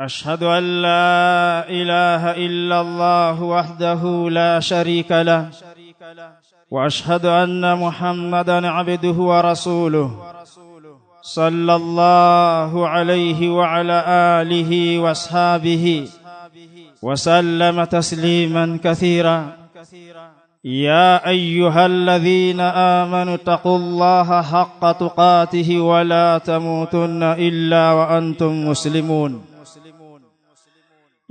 أشهد أن لا إله إلا الله وحده لا شريك له وأشهد أن محمدا عبده ورسوله صلى الله عليه وعلى آله وأصحابه وسلم تسليما كثيرا يا أيها الذين آمنوا اتقوا الله حق تقاته ولا تموتن إلا وأنتم مسلمون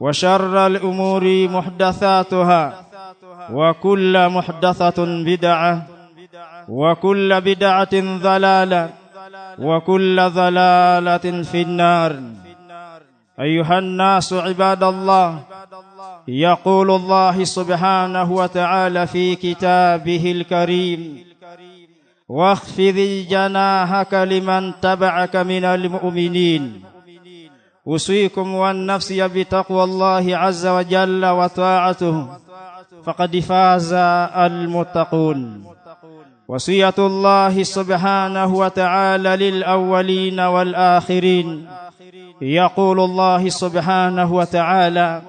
وشر الأمور محدثاتها وكل محدثة بدعة وكل بدعة ضلالة وكل ضلالة في النار أيها الناس عباد الله يقول الله سبحانه وتعالى في كتابه الكريم واخفذ جناحك لمن تبعك من المؤمنين أوصيكم ونفسي بتقوى الله عز وجل وطاعته فقد فاز المتقون وصية الله سبحانه وتعالى للأولين والآخرين يقول الله سبحانه وتعالى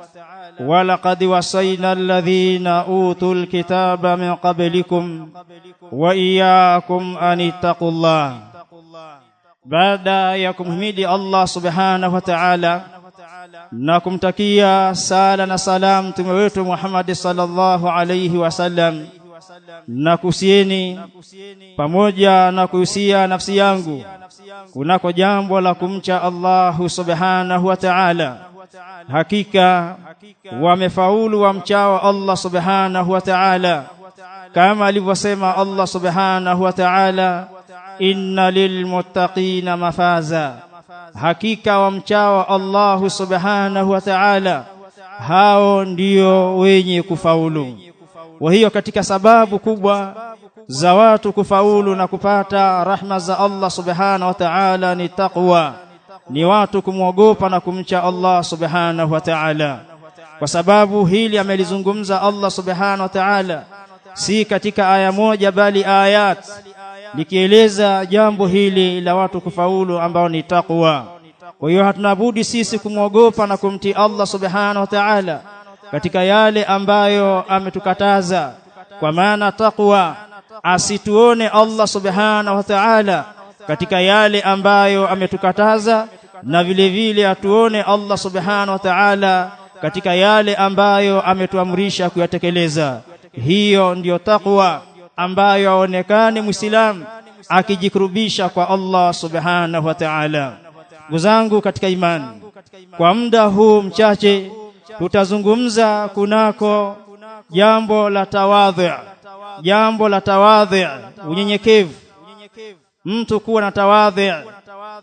ولقد وصينا الذين أوتوا الكتاب من قبلكم وإياكم أن اتقوا الله baada ya kumhimidi Allah subhanahu wa ta'ala na kumtakia sala na salam mtume wetu Muhammad sallallahu alayhi wasallam na kusieni pamoja na kuhusia nafsi yangu kunako jambo la kumcha Allahu subhanahu wa ta'ala hakika wamefaulu wamchao Allah subhanahu wa ta'ala kama alivyosema Allah subhanahu wa ta'ala inna lilmuttaqina mafaza hakika wamchawa Allahu subhanahu wa ta'ala hao ndio wenye kufaulu wa hiyo katika sababu kubwa za watu kufaulu na kupata rahma za Allah subhanahu wa ta'ala ni taqwa ni watu kumwogopa na kumcha Allah subhanahu wa ta'ala kwa sababu hili amelizungumza Allah subhanahu wa ta'ala si katika aya moja bali ayat likieleza jambo hili la watu kufaulu ambao ni takwa. Kwa hiyo hatuna budi sisi kumwogopa na kumtii Allah subhanahu wa ta'ala katika yale ambayo ametukataza, kwa maana takwa asituone Allah subhanahu wa ta'ala katika yale ambayo ametukataza, na vile vile atuone Allah subhanahu wa ta'ala katika yale ambayo ametuamrisha kuyatekeleza. Hiyo ndiyo takwa ambayo aonekane Muislamu akijikurubisha kwa Allah subhanahu wa ta'ala. zangu katika imani, kwa muda huu mchache tutazungumza kunako jambo la tawadhu, jambo la tawadhu, unyenyekevu, mtu kuwa na tawadhu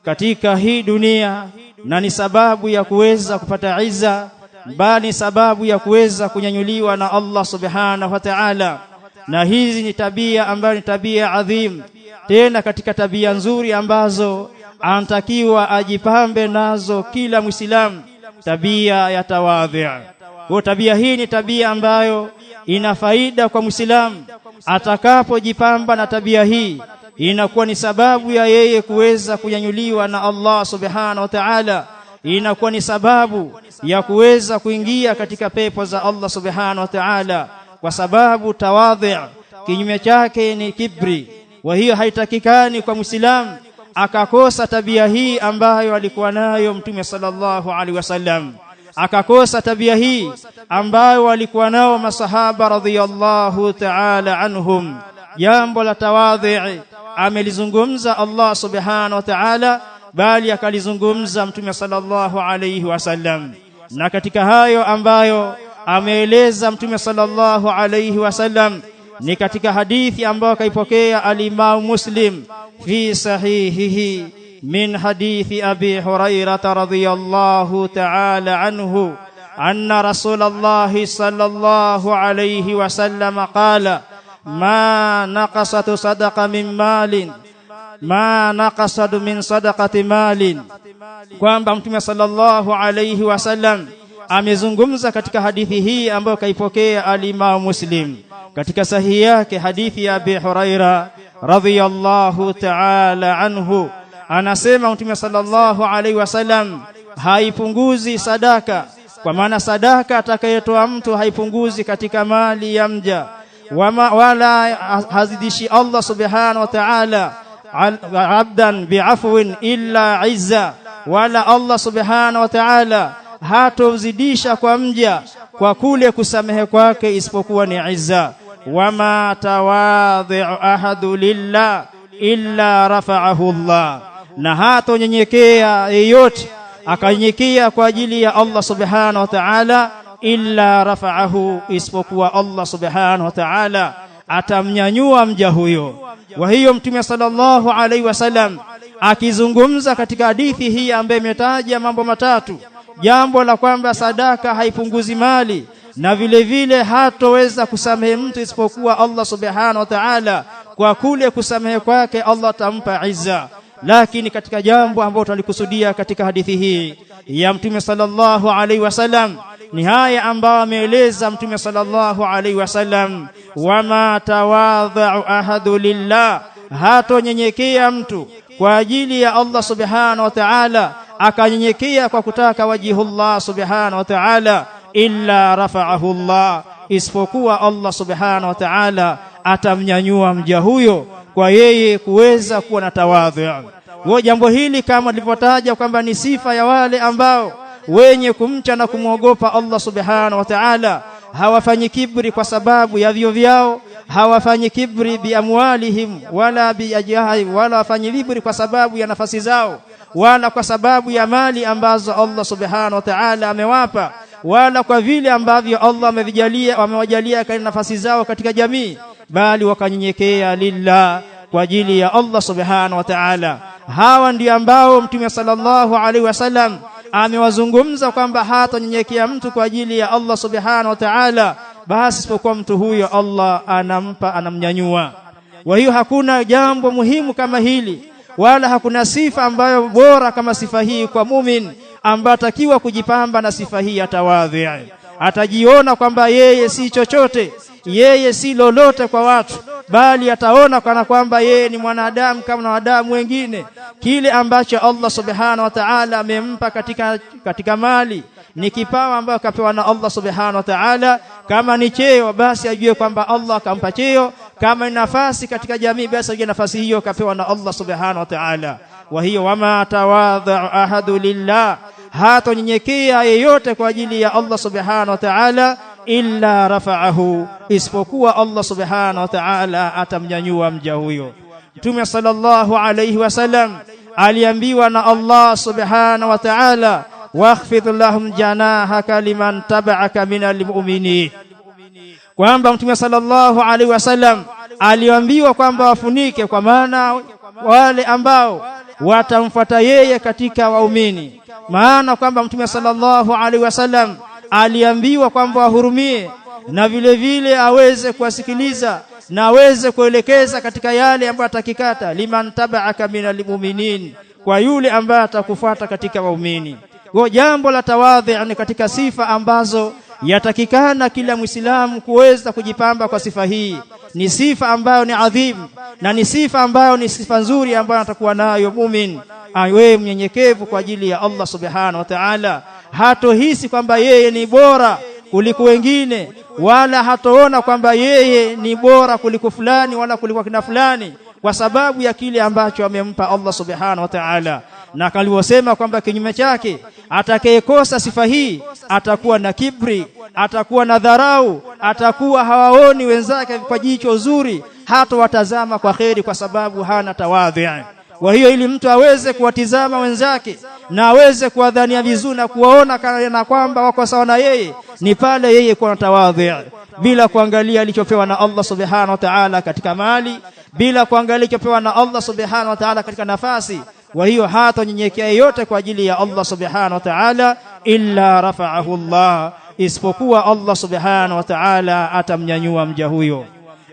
katika hii dunia, na ni sababu ya kuweza kupata iza, bali sababu ya kuweza kunyanyuliwa na Allah subhanahu wa ta'ala na hizi ni tabia ambayo ni tabia adhim, tena katika tabia nzuri ambazo anatakiwa ajipambe nazo kila Mwislamu, tabia ya tawadhi. Kwa tabia hii ni tabia ambayo ina faida kwa Mwislamu. Atakapojipamba na tabia hii, inakuwa ni sababu ya yeye kuweza kunyanyuliwa na Allah subhanahu wa ta'ala, inakuwa ni sababu ya kuweza kuingia katika pepo za Allah subhanahu wa ta'ala kwa sababu tawadhi kinyume chake ni kibri, wa hiyo haitakikani kwa muislam akakosa tabia hii ambayo alikuwa nayo Mtume sallallahu alaihi wasallam, akakosa tabia hii ambayo walikuwa nao masahaba radhiyallahu ta'ala anhum. Jambo la tawadhi amelizungumza Allah subhanahu wa ta'ala, bali akalizungumza Mtume sallallahu alaihi wasallam, na katika hayo ambayo ameeleza Mtume sallallahu alayhi wasallam ni katika hadithi ambayo kaipokea alimamu Muslim fi sahihihi min hadithi Abi Hurairata radhiyallahu ta'ala anhu anna Rasulallahi sallallahu alayhi wasallam qala ma naqasatu sadaqa min malin ma naqasatu min sadaqati malin kwamba Mtume sallallahu alayhi wasallam amezungumza katika hadithi hii ambayo kaipokea alimamu Muslim katika sahihi yake, hadithi ya Abi Huraira radhiyallahu ta'ala anhu, anasema Mtume sallallahu alaihi wasallam, haipunguzi sadaka, kwa maana sadaka atakayetoa mtu haipunguzi katika mali ya mja wama, wala hazidishi Allah subhanahu wa ta'ala abdan bi'afwin illa izza, wala Allah subhanahu wa ta'ala hatozidisha kwa mja kwa kule kusamehe kwake isipokuwa ni izza. Wama tawadhi'u ahadu lillah illa rafa'ahu Allah, na hatonyenyekea yeyote akanyenyekea kwa ajili ya Allah subhanahu wa ta'ala illa rafa'ahu, isipokuwa Allah subhanahu wa ta'ala atamnyanyua mja huyo. Kwa hiyo Mtume sallallahu alaihi wasallam akizungumza katika hadithi hii ambaye imetaja mambo matatu jambo la kwamba sadaka haipunguzi mali na vile vile hatoweza kusamehe mtu isipokuwa Allah subhanahu wa ta'ala. Kwa kule kusamehe kwake Allah atampa izza. Lakini katika jambo ambalo tulikusudia katika hadithi hii ya Mtume sallallahu alaihi wasallam ni haya ambayo ameeleza Mtume sallallahu alaihi wasallam, wama tawadhu ahadu lillah, hatonyenyekea mtu kwa ajili ya Allah subhanahu wa ta'ala akanyenyekea kwa kutaka wajihullah subhanahu wa ta'ala, illa rafa'ahu Allah, isipokuwa Allah subhanahu wa ta'ala atamnyanyua mja huyo kwa yeye kuweza kuwa na tawadhu. Kwa jambo hili kama nilivyotaja kwamba ni sifa ya wale ambao wenye kumcha na kumwogopa Allah subhanahu wa ta'ala, hawafanyi kibri kwa sababu ya vio vyao, hawafanyi kibri biamwalihim wala ajahi wala wafanyi kibri kwa sababu ya nafasi zao wala kwa sababu ya mali ambazo Allah subhanahu wa ta'ala amewapa wala kwa vile ambavyo Allah amevijalia amewajalia katika nafasi zao katika jamii bali wakanyenyekea lillah kwa ajili ya Allah subhanahu wa ta'ala hawa ndio ambao mtume sallallahu alaihi wasallam amewazungumza kwamba hatanyenyekea mtu kwa ajili ya Allah subhanahu wa ta'ala basi isipokuwa mtu huyo Allah anampa anamnyanyua kwa hiyo hakuna jambo muhimu kama hili wala hakuna sifa ambayo bora kama sifa hii kwa mumin ambaye atakiwa kujipamba na sifa hii atawadhi atajiona kwamba yeye si chochote yeye si lolote kwa watu bali ataona kana kwamba yeye ni mwanadamu kama wanadamu wengine kile ambacho Allah subhanahu wa ta'ala amempa katika katika mali ni kipawa ambayo kapewa na Allah subhanahu wa ta'ala kama ni cheo basi ajue kwamba Allah akampa cheo kama ni nafasi katika jamii basi uje nafasi hiyo kapewa na Allah subhanahu wa ta'ala wa hiyo wama tawadha ahadu lillah hatonyenyekea yeyote kwa ajili ya Allah subhanahu wa ta'ala illa rafa'ahu isipokuwa Allah subhanahu wa ta'ala atamnyanyua mja huyo Mtume sallallahu alayhi wasallam aliambiwa na Allah subhanahu wa ta'ala واخفض lahum جناحك لمن tabaaka من المؤمنين kwamba Mtume sallallahu alaihi wasallam aliambiwa kwamba wafunike, kwa maana wale ambao watamfuata yeye katika waumini. Maana kwamba Mtume sallallahu alaihi wasallam aliambiwa kwamba wahurumie na vile vile aweze kuwasikiliza na aweze kuelekeza katika yale ambayo atakikata, liman tabaaka min almu'minin kwa yule ambaye atakufuata katika waumini. Kwa jambo la tawadhi ni katika sifa ambazo Yatakikana kila Mwislamu kuweza kujipamba kwa sifa hii. Ni sifa ambayo ni adhimu na ni sifa ambayo ni sifa nzuri ambayo atakuwa nayo mumin, awe mnyenyekevu kwa ajili ya Allah subhanahu wa ta'ala. Hatohisi kwamba yeye ni bora kuliko wengine, wala hatoona kwamba yeye ni bora kuliko fulani wala kuliko kina fulani, kwa sababu ya kile ambacho amempa Allah subhanahu wa ta'ala na kalivyosema kwamba kinyume chake atakayekosa sifa hii atakuwa na kibri, atakuwa na dharau, atakuwa hawaoni wenzake kwa jicho zuri, hata watazama kwa kheri, kwa sababu hana tawadhi. Kwa hiyo ili mtu aweze kuwatizama wenzake na aweze kuwadhania vizuri na kuwaona kana kwamba wako sawa na yeye, ni pale yeye kuwa na tawadhi, bila kuangalia alichopewa na Allah subhanahu wa ta'ala katika mali, bila kuangalia alichopewa na Allah subhanahu wa ta'ala katika nafasi. Kwa hiyo nyenyekea yote kwa ajili ya Allah subhanahu wa ta'ala, illa rafa'ahu Allah isipokuwa Allah subhanahu wa ta'ala atamnyanyua mja huyo.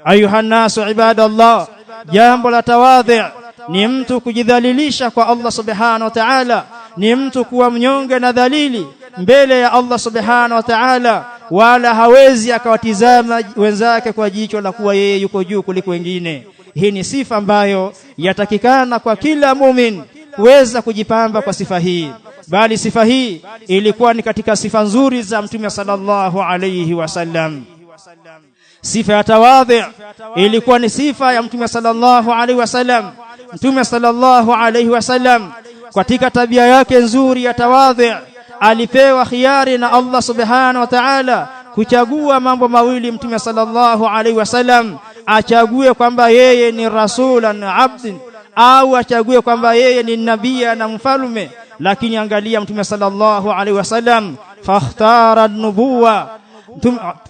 Ayuhannasu ibadallah, jambo la tawadhi ni mtu kujidhalilisha kwa Allah subhanahu wa ta'ala, ni mtu kuwa mnyonge na dhalili mbele ya Allah subhanahu wa ta'ala, wala hawezi akawatizama wenzake kwa jicho la kuwa yeye yuko juu kuliko wengine. Hii ni sifa ambayo yatakikana kwa kila mumin kuweza kujipamba kwa sifa hii bali sifa hii ilikuwa ni katika sifa nzuri za Mtume sallallahu alayhi wasallam. Sifa ya tawadhi ilikuwa ni sifa ya Mtume sallallahu alayhi wasallam. Mtume sallallahu alayhi wasallam katika tabia yake nzuri ya tawadhi alipewa khiari na Allah subhanahu wa ta'ala kuchagua mambo mawili. Mtume sallallahu alayhi wasallam achague kwamba yeye ni rasulan abdin, au achague kwamba yeye ni nabia na mfalme lakini angalia mtume sallallahu alaihi wasallam fakhtara nubuwa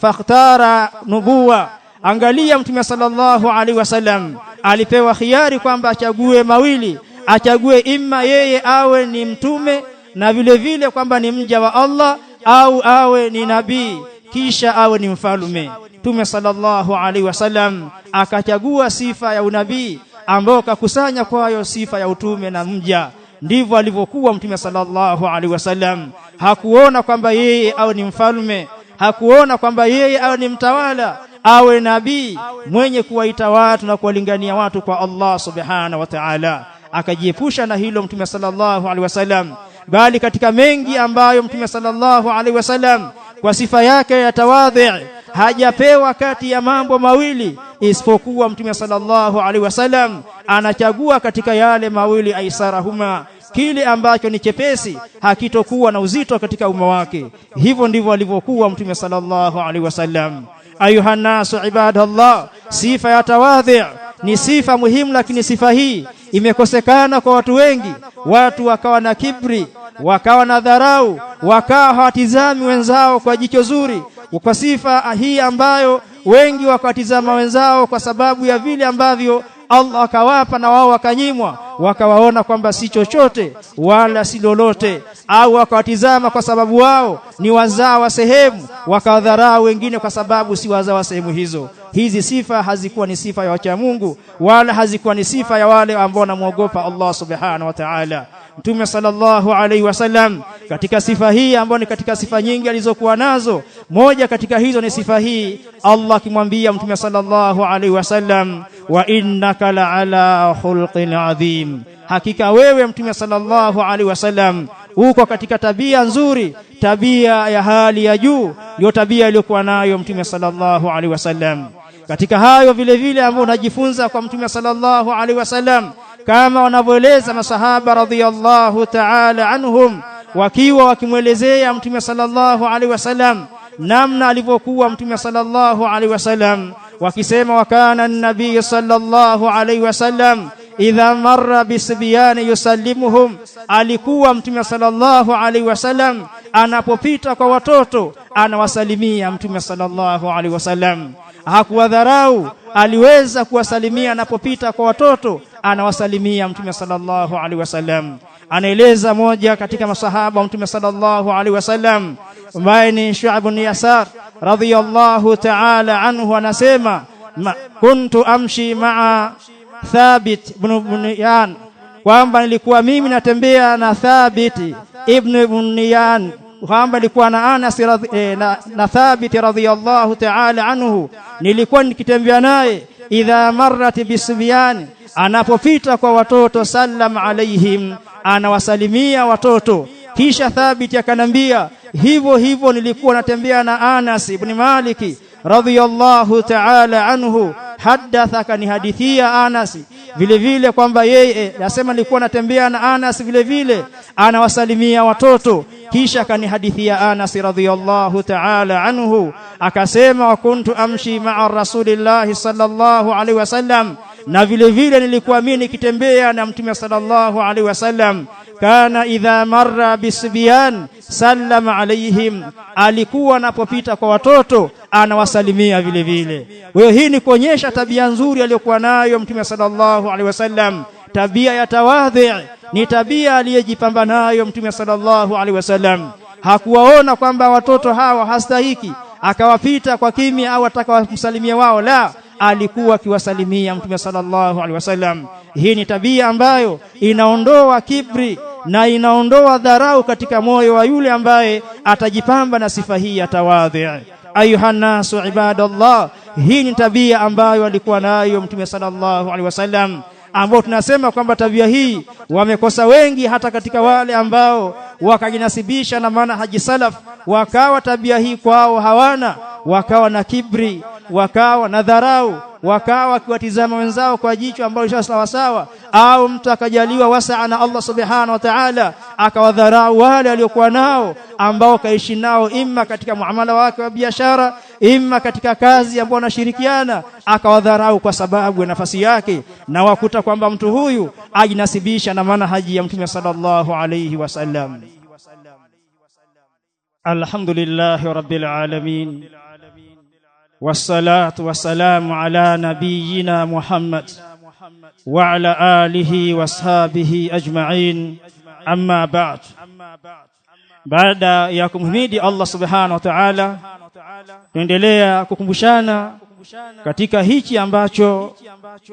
fahtara nubuwa angalia mtume sallallahu alaihi wasallam alipewa khiari kwamba achague mawili achague imma yeye awe ni mtume na vile vile kwamba ni mja wa Allah au awe ni nabii kisha awe ni mfalume mtume sallallahu alaihi wasallam akachagua sifa ya unabii ambao kakusanya kwayo sifa ya utume na mja ndivyo alivyokuwa mtume sallallahu alaihi wasallam. Hakuona kwamba yeye awe ni mfalme, hakuona kwamba yeye awe ni mtawala, awe nabii mwenye kuwaita watu na kuwalingania watu kwa Allah subhanahu wa ta'ala. Akajiepusha na hilo mtume sallallahu alaihi wasallam, bali katika mengi ambayo mtume sallallahu alaihi wasallam kwa sifa yake ya tawadhi hajapewa kati ya mambo mawili isipokuwa mtume sallallahu alaihi wasallam anachagua katika yale mawili aisarahuma kile ambacho ni chepesi hakitokuwa na uzito katika umma wake hivyo ndivyo alivyokuwa mtume sallallahu alaihi wasallam ayuha nasu ibadallah sifa ya tawadhi ni sifa muhimu lakini sifa hii imekosekana kwa watu wengi watu wakawa na kibri wakawa na dharau wakawa hawatizami wenzao kwa jicho zuri kwa sifa hii ambayo wengi wakawatizama wenzao kwa sababu ya vile ambavyo Allah akawapa na wao wakanyimwa, wakawaona kwamba si chochote wala si lolote, au wakawatizama kwa sababu wao ni wazao wa sehemu, wakadharaa wengine kwa sababu si wazao wa sehemu hizo. Hizi sifa hazikuwa ni sifa ya wacha Mungu, wala hazikuwa ni sifa ya wale ambao wanamwogopa Allah subhanahu wa ta'ala. Mtume sallallahu alaihi wasallam katika sifa hii ambayo ni katika sifa nyingi alizokuwa nazo, moja katika hizo ni sifa hii, Allah akimwambia Mtume sallallahu alaihi wasallam, wa innaka la ala khulqin adhim, hakika wewe Mtume sallallahu alaihi wasallam uko katika tabia nzuri, tabia ya hali ya juu, ndio tabia iliyokuwa nayo Mtume sallallahu alaihi wasallam. Katika hayo vile vile ambayo unajifunza kwa Mtume sallallahu alaihi wasallam kama wanavyoeleza masahaba radhiyallahu ta'ala anhum wakiwa wakimwelezea mtume sallallahu alaihi wasallam namna alivyokuwa mtume sallallahu alaihi wasallam wakisema wakana nabii sallallahu alaihi wasallam idha marra bisibyani yusallimuhum alikuwa mtume sallallahu alaihi wasallam anapopita kwa watoto anawasalimia mtume sallallahu alaihi wasallam hakuwadharau aliweza kuwasalimia anapopita kwa watoto anawasalimia Mtume sallallahu alaihi wasallam. Anaeleza moja katika masahaba wa Mtume sallallahu alaihi wasallam ambaye ni Shu'ab ibn Yasar radiyallahu ta'ala anhu, anasema kuntu amshi maa Thabit ibn Bunyan, kwamba nilikuwa mimi natembea na Thabit ibn Bunyan kwamba nilikuwa na Anas eh, na, Thabit radiyallahu ta'ala anhu, nilikuwa nikitembea naye idha marrat bisbiyani anapopita kwa watoto sallam alaihim, anawasalimia watoto. Kisha Thabiti akanambia hivyo hivyo, nilikuwa natembea na Anas ibn Maliki radhiyallahu ta'ala anhu, hadatha, akanihadithia Anas vile vile kwamba yeye eh, nasema nilikuwa natembea na Anas vile vile anawasalimia watoto. Kisha akanihadithia Anas radhiyallahu ta'ala anhu akasema, wa kuntu amshi ma'a rasulillahi sallallahu alaihi wasallam na vile vile nilikuwa mimi nikitembea na Mtume sallallahu alaihi wasallam, kana idha marra bisibyan sallam alaihim, alikuwa anapopita kwa watoto anawasalimia vile vile. hiyo hii ni kuonyesha tabia nzuri aliyokuwa nayo Mtume sallallahu alaihi wasallam, tabia ya tawadhi ni tabia aliyejipamba nayo Mtume sallallahu alaihi wasallam. Hakuwaona kwamba watoto hawa hastahiki akawapita kwa kimya au ataka wao, la alikuwa akiwasalimia Mtume sallallahu alaihi wasallam. Hii ni tabia ambayo inaondoa kibri na inaondoa dharau katika moyo wa yule ambaye atajipamba na sifa hii ya tawadhi. Ayuha nasu ibadallah, hii ni tabia ambayo alikuwa nayo Mtume sallallahu alaihi wasallam ambao tunasema kwamba tabia hii wamekosa wengi, hata katika wale ambao wakajinasibisha na maana haji salaf, wakawa tabia hii kwao hawana, wakawa na kibri, wakawa na dharau wakawa wakiwatizama wenzao kwa jicho ambalo sawa sawasawa, au mtu akajaliwa wasaa na Allah subhanahu wa ta'ala, akawadharau wale waliokuwa nao ambao kaishi nao, imma katika muamala wake wa biashara imma katika kazi ambayo wanashirikiana akawadharau kwa sababu ya nafasi yake, na wakuta kwamba mtu huyu ajinasibisha na maana haji ya Mtume sallallahu alayhi wasallam. Alhamdulillahi rabbil alamin wassalatu wassalamu ala nabiyyina Muhammad wa ala alihi washabihi ajma'in, amma ba'd. Baada ya kumhimidi Allah subhanahu wa ta'ala tuendelea kukumbushana katika hichi ambacho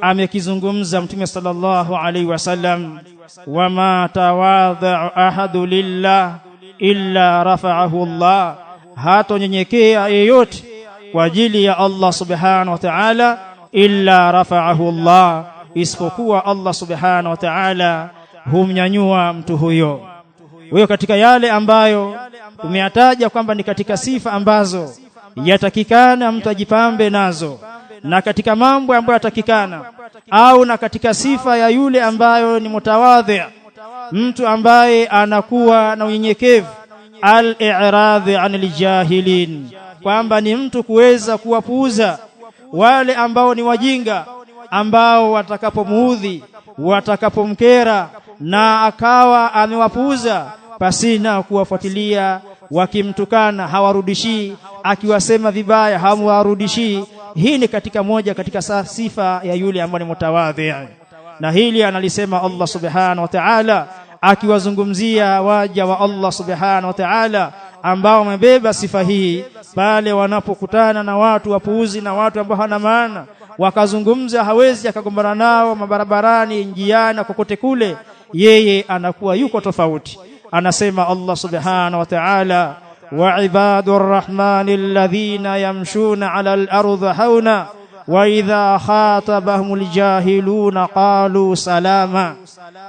amekizungumza Mtume sallallahu alaihi wasallam, wama tawadha ahadu lillah illa rafa'ahu Allah, hatonyenyekea yeyote kwa ajili ya Allah subhanahu wa ta'ala, illa rafa'ahu Allah, isipokuwa Allah subhanahu wa ta'ala humnyanyua mtu huyo. Wewe katika yale ambayo umeataja kwamba ni katika sifa ambazo yatakikana mtu ajipambe nazo, na katika mambo ambayo yatakikana au na katika sifa ya yule ambayo ni mutawadhi, mtu ambaye anakuwa na unyenyekevu, al-i'radhi anil jahilin, kwamba ni mtu kuweza kuwapuuza wale ambao ni wajinga, ambao watakapomuudhi, watakapomkera na akawa amewapuuza pasina kuwafuatilia wakimtukana hawarudishii, akiwasema vibaya hamwarudishii. Hii ni katika moja katika sifa ya yule ambaye ni mutawadhi, na hili analisema Allah subhanahu wa ta'ala akiwazungumzia waja wa Allah subhanahu wa ta'ala ambao wamebeba sifa hii, pale wanapokutana na watu wapuuzi na watu ambao hana maana, wakazungumza hawezi akagombana nao mabarabarani, njiani, kokote kule, yeye anakuwa yuko tofauti anasema Allah subhanahu wa ta'ala wa ibadur rahmani alladhina yamshuna ala al-ardhi hauna wa idha khatabahumul jahiluna qalu salama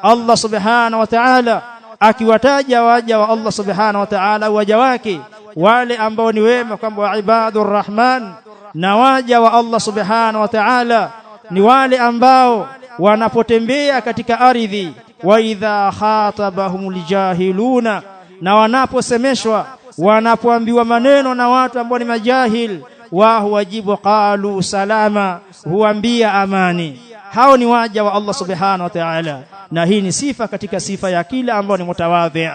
Allah subhanahu wa ta'ala akiwataja waja wa Allah subhanahu wa ta'ala waja wake wale ambao ni wema kwamba wa ibadur rahman na waja wa Allah subhanahu wa ta'ala ni wale ambao wanapotembea katika ardhi wa idha khatabahum jahiluna, na wanaposemeshwa wanapoambiwa maneno na watu ambao ni majahil, wa wajibu qalu salama, huambia amani. Hao ni waja wa Allah subhanahu wa ta'ala, na hii ni sifa katika sifa ya kila ambao ni mutawadhi,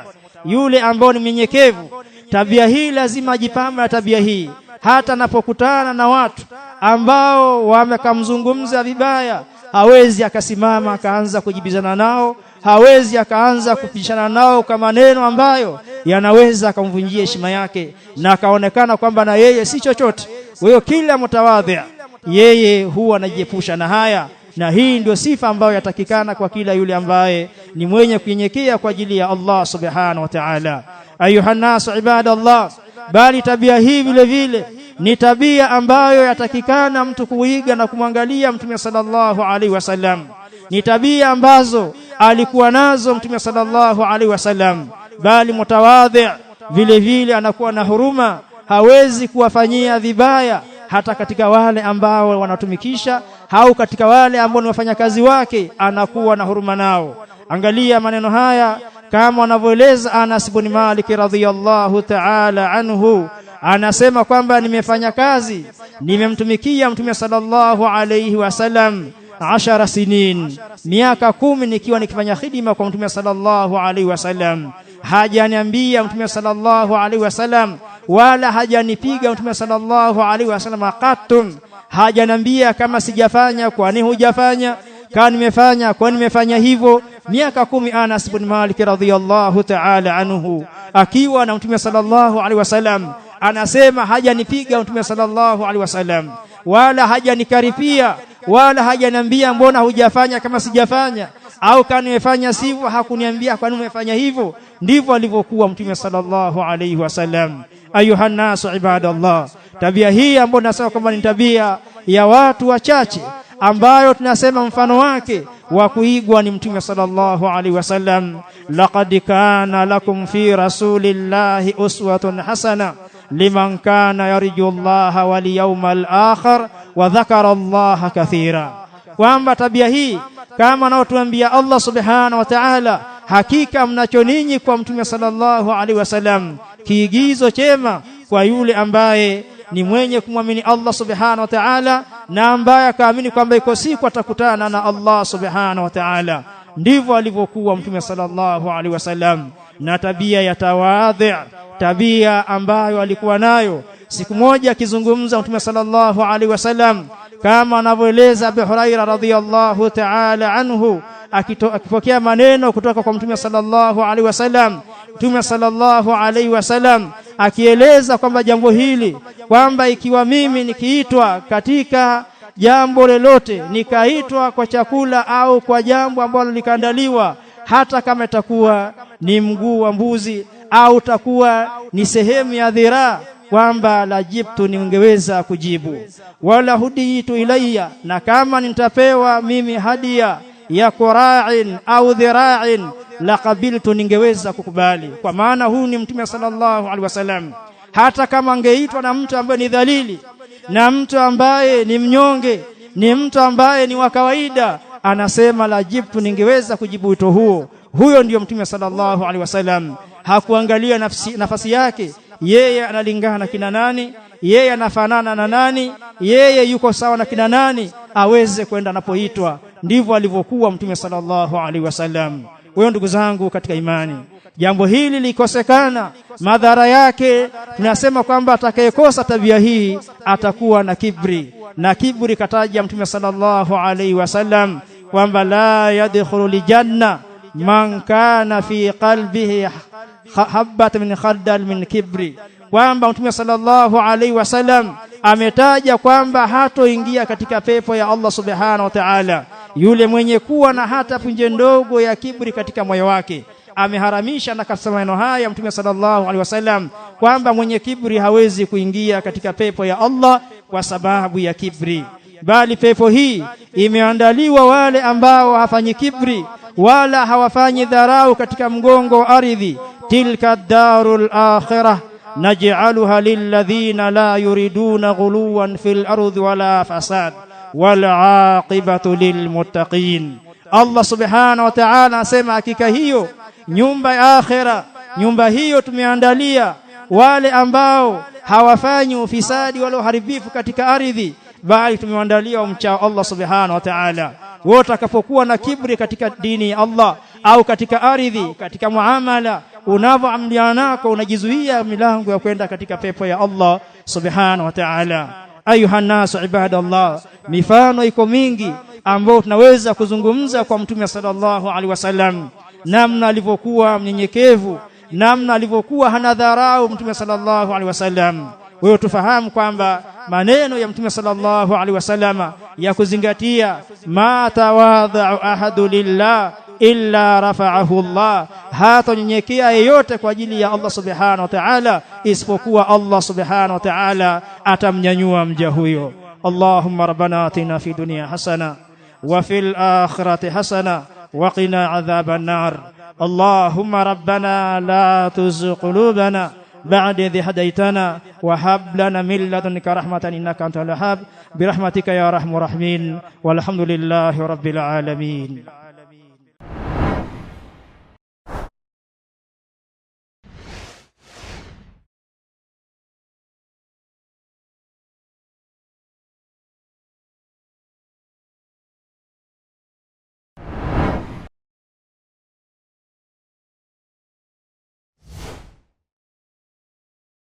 yule ambao ni mnyenyekevu. Tabia hii lazima ajipambe na tabia hii hata anapokutana na watu ambao wamekamzungumza vibaya hawezi akasimama akaanza kujibizana nao hawezi akaanza kupishana nao kwa maneno ambayo yanaweza akamvunjia heshima yake na akaonekana kwamba na yeye si chochote. Kwa hiyo kila mtawadhi yeye huwa anajiepusha na haya, na hii ndio sifa ambayo yatakikana kwa kila yule ambaye ni mwenye kunyenyekea kwa ajili ya Allah subhanahu wa ta'ala. Ayuhannasu ibadallah, bali tabia hii vile vile ni tabia ambayo yatakikana mtu kuiga na kumwangalia Mtume sallallahu alaihi wasallam. Ni tabia ambazo alikuwa nazo mtume sallallahu alaihi wasallam, bali mutawadhi vile vile anakuwa na huruma, hawezi kuwafanyia vibaya hata katika wale ambao wanatumikisha au katika wale ambao ni wafanyakazi wake, anakuwa na huruma nao. Angalia maneno haya kama wanavyoeleza Anas ibn Malik radhiyallahu ta'ala anhu, anasema kwamba nimefanya kazi, nimemtumikia mtume sallallahu alaihi wasallam ashara sinin, miaka kumi nikiwa nikifanya khidima kwa Mtume sallallahu alaihi wasallam. Hajaniambia Mtume sallallahu alaihi wasallam, wala hajanipiga Mtume sallallahu alaihi wasallam katun. Hajaniambia kama sijafanya, kwani hujafanya? Kama nimefanya, kwani nimefanya hivyo? Miaka kumi Anas bin Malik radhiyallahu ta'ala anhu akiwa na Mtume sallallahu alaihi wasallam anasema hajanipiga Mtume sallallahu alaihi wasallam wala hajanikaripia wala hajaniambia mbona hujafanya kama sijafanya, au kama nimefanya sivyo hakuniambia kwa nini umefanya hivyo. Ndivyo alivyokuwa Mtume sallallahu alaihi wasallam. Ayuha nnasu ibadallah, tabia hii ambayo nasema kwamba ni tabia ya watu wachache ambayo tunasema mfano wake wa kuigwa ni mtume sallallahu alaihi wasallam laqad kana lakum fi rasulillahi uswatun hasana liman kana yarju llaha wal yawmal akhir wa dhakara allaha kathira kwamba tabia hii kama anaotuambia Allah subhanahu wa ta'ala hakika mnacho ninyi kwa mtume sallallahu alaihi wasallam kiigizo chema kwa yule ambaye ni mwenye kumwamini Allah subhanahu wa ta'ala na ambaye akaamini kwamba iko siku atakutana na Allah subhanahu wa ta'ala. Ndivyo alivyokuwa Mtume sallallahu alaihi wasallam, na tabia ya tawadhi, tabia ambayo alikuwa nayo. Siku moja akizungumza Mtume sallallahu alaihi wasallam, kama anavyoeleza Abu Huraira radhiyallahu ta'ala anhu, akipokea maneno kutoka kwa Mtume sallallahu alaihi wasallam, Mtume sallallahu alaihi wasallam akieleza kwamba jambo hili kwamba ikiwa mimi nikiitwa katika jambo lolote nikaitwa kwa chakula au kwa jambo ambalo likaandaliwa hata kama itakuwa ni mguu wa mbuzi au takuwa ni sehemu ya dhiraa kwamba la jibtu ningeweza kujibu wala hudiitu ilaiya na kama nitapewa mimi hadia ya qura'in au dhira'in la qabiltu, ningeweza kukubali. Kwa maana huyu ni Mtume sallallahu alaihi wasallam. Hata kama angeitwa na mtu ambaye ni dhalili na mtu ambaye ni mnyonge, ni mtu ambaye ni wa kawaida, anasema la jibtu, ningeweza kujibu wito huo. Huyo ndiyo Mtume sallallahu alaihi wasallam. Hakuangalia nafasi yake, yeye analingana kina nani yeye anafanana na nani, yeye yuko sawa na kina nani, aweze kwenda anapoitwa. Ndivyo alivyokuwa Mtume sallallahu alaihi wasallam. Wewe ndugu zangu katika imani, jambo hili likosekana, madhara yake tunasema kwamba atakayekosa tabia hii atakuwa na kibri, na kibri kataja Mtume sallallahu alaihi wasallam kwamba la yadkhulu ljanna man kana fi qalbihi habatan min khardal min kibri kwamba Mtume sallallahu alaihi wasallam ametaja kwamba hatoingia katika pepo ya Allah subhanahu wa ta'ala yule mwenye kuwa na hata punje ndogo ya kiburi katika moyo wake ameharamisha na kasema maneno haya Mtume sallallahu alaihi wasallam kwamba mwenye kiburi hawezi kuingia katika pepo ya Allah kwa sababu ya kiburi bali pepo hii imeandaliwa wale ambao hafanyi kibri wala hawafanyi dharau katika mgongo wa ardhi tilka darul akhirah نجعلها للذين لا يريدون غلوا في الأرض ولا فساد والعاقبة للمتقين Allah subhanahu wa ta'ala anasema hakika hiyo nyumba ya akhera nyumba hiyo tumeandalia wale ambao hawafanyi ufisadi wala uharibifu katika ardhi bali tumewaandalia umchao Allah subhanahu wa ta'ala wote atakapokuwa na kibri katika dini ya Allah au katika ardhi katika muamala unavyoamiliana nako unajizuia milango ya kwenda katika pepo ya Allah subhanahu wa ta'ala. Ayuhannasu ibadallah, mifano iko mingi ambayo tunaweza kuzungumza kwa Mtume sallallahu alaihi wasallam, namna alivyokuwa mnyenyekevu, namna alivyokuwa hanadharau Mtume sallallahu alaihi wasallam. Wewe tufahamu kwamba maneno ya Mtume sallallahu alaihi wasallama ya kuzingatia, ma tawadhau ahadu lillah إلا رفعه الله هات نيكيا يوتك وجلي الله سبحانه وتعالى إسفقوا الله سبحانه وتعالى أتم ينوم جهويو اللهم ربنا آتنا في دنيا حسنة وفي الآخرة حسنة وقنا عذاب النار اللهم ربنا لا تزغ قلوبنا بعد ذي هديتنا وهب لنا من لدنك رحمة إنك أنت الوهاب برحمتك يا رحم الراحمين والحمد لله رب العالمين